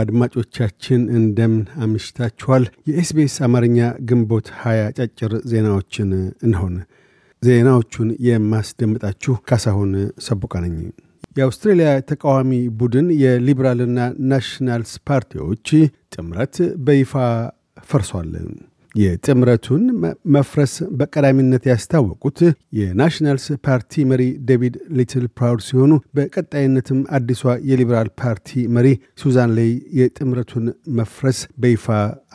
አድማጮቻችን እንደምን አምሽታችኋል። የኤስቤስ አማርኛ ግንቦት ሀያ ጫጭር ዜናዎችን እንሆን። ዜናዎቹን የማስደምጣችሁ ካሳሁን ሰቦቃ ነኝ። የአውስትሬልያ ተቃዋሚ ቡድን የሊበራልና ናሽናልስ ፓርቲዎች ጥምረት በይፋ ፈርሷል። የጥምረቱን መፍረስ በቀዳሚነት ያስታወቁት የናሽናልስ ፓርቲ መሪ ዴቪድ ሊትል ፕራውድ ሲሆኑ በቀጣይነትም አዲሷ የሊበራል ፓርቲ መሪ ሱዛን ላይ የጥምረቱን መፍረስ በይፋ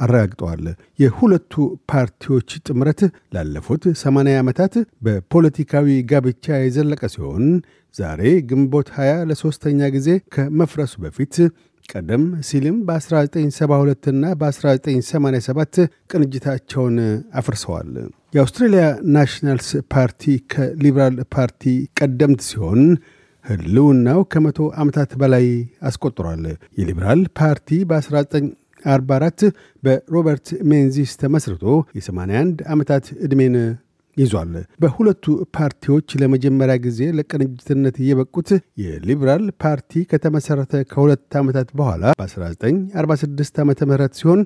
አረጋግጠዋል። የሁለቱ ፓርቲዎች ጥምረት ላለፉት 8 ዓመታት በፖለቲካዊ ጋብቻ የዘለቀ ሲሆን ዛሬ ግንቦት 20 ለሶስተኛ ጊዜ ከመፍረሱ በፊት ቀደም ሲልም በ1972ና በ1987 ቅንጅታቸውን አፍርሰዋል። የአውስትሬልያ ናሽናልስ ፓርቲ ከሊበራል ፓርቲ ቀደምት ሲሆን ህልውናው ከመቶ ዓመታት በላይ አስቆጥሯል። የሊበራል ፓርቲ በ1944 በሮበርት ሜንዚስ ተመስርቶ የ81 ዓመታት ዕድሜን ይዟል። በሁለቱ ፓርቲዎች ለመጀመሪያ ጊዜ ለቅንጅትነት የበቁት የሊብራል ፓርቲ ከተመሠረተ ከሁለት ዓመታት በኋላ በ1946 ዓ ም ሲሆን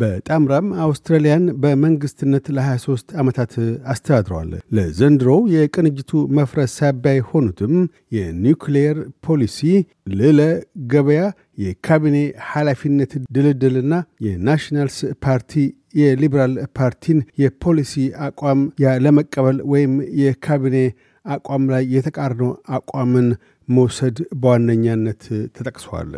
በጣምራም አውስትራሊያን በመንግስትነት ለ23 ዓመታት አስተዳድረዋል። ለዘንድሮ የቅንጅቱ መፍረስ ሳቢያ የሆኑትም የኒውክሌየር ፖሊሲ፣ ልዕለ ገበያ፣ የካቢኔ ኃላፊነት ድልድልና የናሽናልስ ፓርቲ የሊበራል ፓርቲን የፖሊሲ አቋም ያለመቀበል ወይም የካቢኔ አቋም ላይ የተቃርኖ አቋምን መውሰድ በዋነኛነት ተጠቅሷል።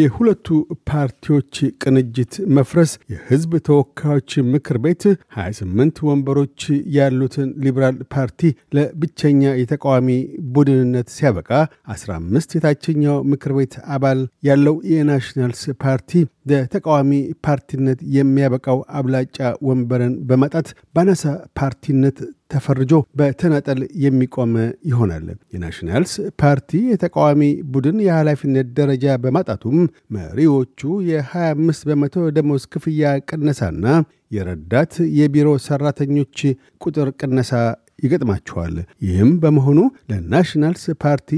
የሁለቱ ፓርቲዎች ቅንጅት መፍረስ የህዝብ ተወካዮች ምክር ቤት 28 ወንበሮች ያሉትን ሊብራል ፓርቲ ለብቸኛ የተቃዋሚ ቡድንነት ሲያበቃ 15 የታችኛው ምክር ቤት አባል ያለው የናሽናልስ ፓርቲ ለተቃዋሚ ፓርቲነት የሚያበቃው አብላጫ ወንበርን በመጣት ባነሳ ፓርቲነት ተፈርጆ በተናጠል የሚቆም ይሆናል። የናሽናልስ ፓርቲ የተቃዋሚ ቡድን የኃላፊነት ደረጃ በማጣቱም መሪዎቹ የ25 በመቶ ደሞዝ ክፍያ ቅነሳና የረዳት የቢሮ ሰራተኞች ቁጥር ቅነሳ ይገጥማቸዋል። ይህም በመሆኑ ለናሽናልስ ፓርቲ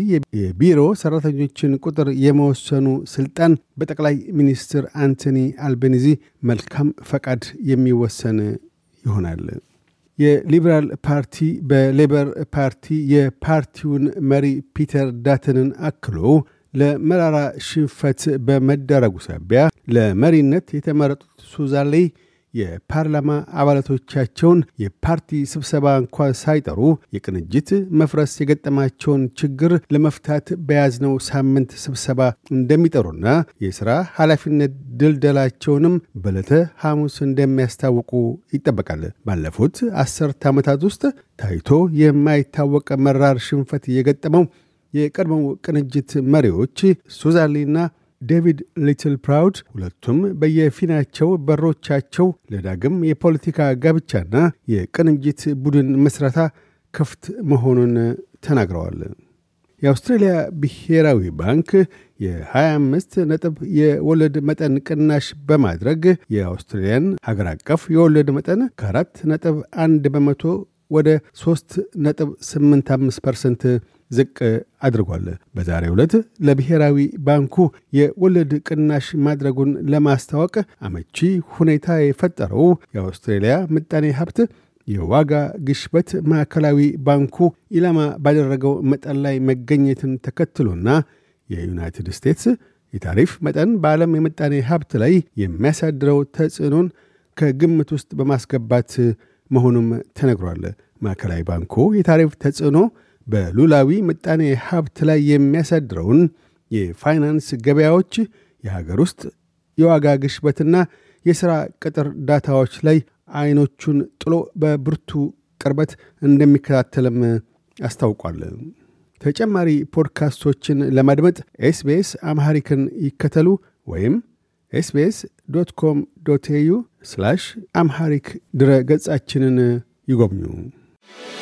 የቢሮ ሰራተኞችን ቁጥር የመወሰኑ ስልጣን በጠቅላይ ሚኒስትር አንቶኒ አልቤኒዚ መልካም ፈቃድ የሚወሰን ይሆናል። የሊበራል ፓርቲ በሌበር ፓርቲ የፓርቲውን መሪ ፒተር ዳትንን አክሎ ለመራራ ሽንፈት በመደረጉ ሳቢያ ለመሪነት የተመረጡት ሱዛሌ የፓርላማ አባላቶቻቸውን የፓርቲ ስብሰባ እንኳ ሳይጠሩ የቅንጅት መፍረስ የገጠማቸውን ችግር ለመፍታት በያዝነው ሳምንት ስብሰባ እንደሚጠሩና የሥራ ኃላፊነት ድልደላቸውንም በለተ ሐሙስ እንደሚያስታውቁ ይጠበቃል። ባለፉት አስርት ዓመታት ውስጥ ታይቶ የማይታወቀ መራር ሽንፈት የገጠመው የቀድሞው ቅንጅት መሪዎች ሱዛሊና ዴቪድ ሊትል ፕራውድ ሁለቱም በየፊናቸው በሮቻቸው ለዳግም የፖለቲካ ጋብቻና የቅንጅት ቡድን መስራታ ክፍት መሆኑን ተናግረዋል። የአውስትሬልያ ብሔራዊ ባንክ የ25 ነጥብ የወለድ መጠን ቅናሽ በማድረግ የአውስትሬልያን ሀገር አቀፍ የወለድ መጠን ከ4 ነጥብ 1 በመቶ ወደ 3 ነጥብ 85 ፐርሰንት ዝቅ አድርጓል። በዛሬ ዕለት ለብሔራዊ ባንኩ የወለድ ቅናሽ ማድረጉን ለማስታወቅ አመቺ ሁኔታ የፈጠረው የአውስትሬልያ ምጣኔ ሀብት የዋጋ ግሽበት ማዕከላዊ ባንኩ ኢላማ ባደረገው መጠን ላይ መገኘትን ተከትሎና የዩናይትድ ስቴትስ የታሪፍ መጠን በዓለም የምጣኔ ሀብት ላይ የሚያሳድረው ተጽዕኖን ከግምት ውስጥ በማስገባት መሆኑም ተነግሯል። ማዕከላዊ ባንኩ የታሪፍ ተጽዕኖ በሉላዊ ምጣኔ ሀብት ላይ የሚያሳድረውን የፋይናንስ ገበያዎች፣ የሀገር ውስጥ የዋጋ ግሽበትና የሥራ ቅጥር ዳታዎች ላይ አይኖቹን ጥሎ በብርቱ ቅርበት እንደሚከታተልም አስታውቋል። ተጨማሪ ፖድካስቶችን ለማድመጥ ኤስቤስ አምሐሪክን ይከተሉ ወይም ኤስቤስ ዶት ኮም ዶት ኤዩ አምሐሪክ ድረ ገጻችንን ይጎብኙ።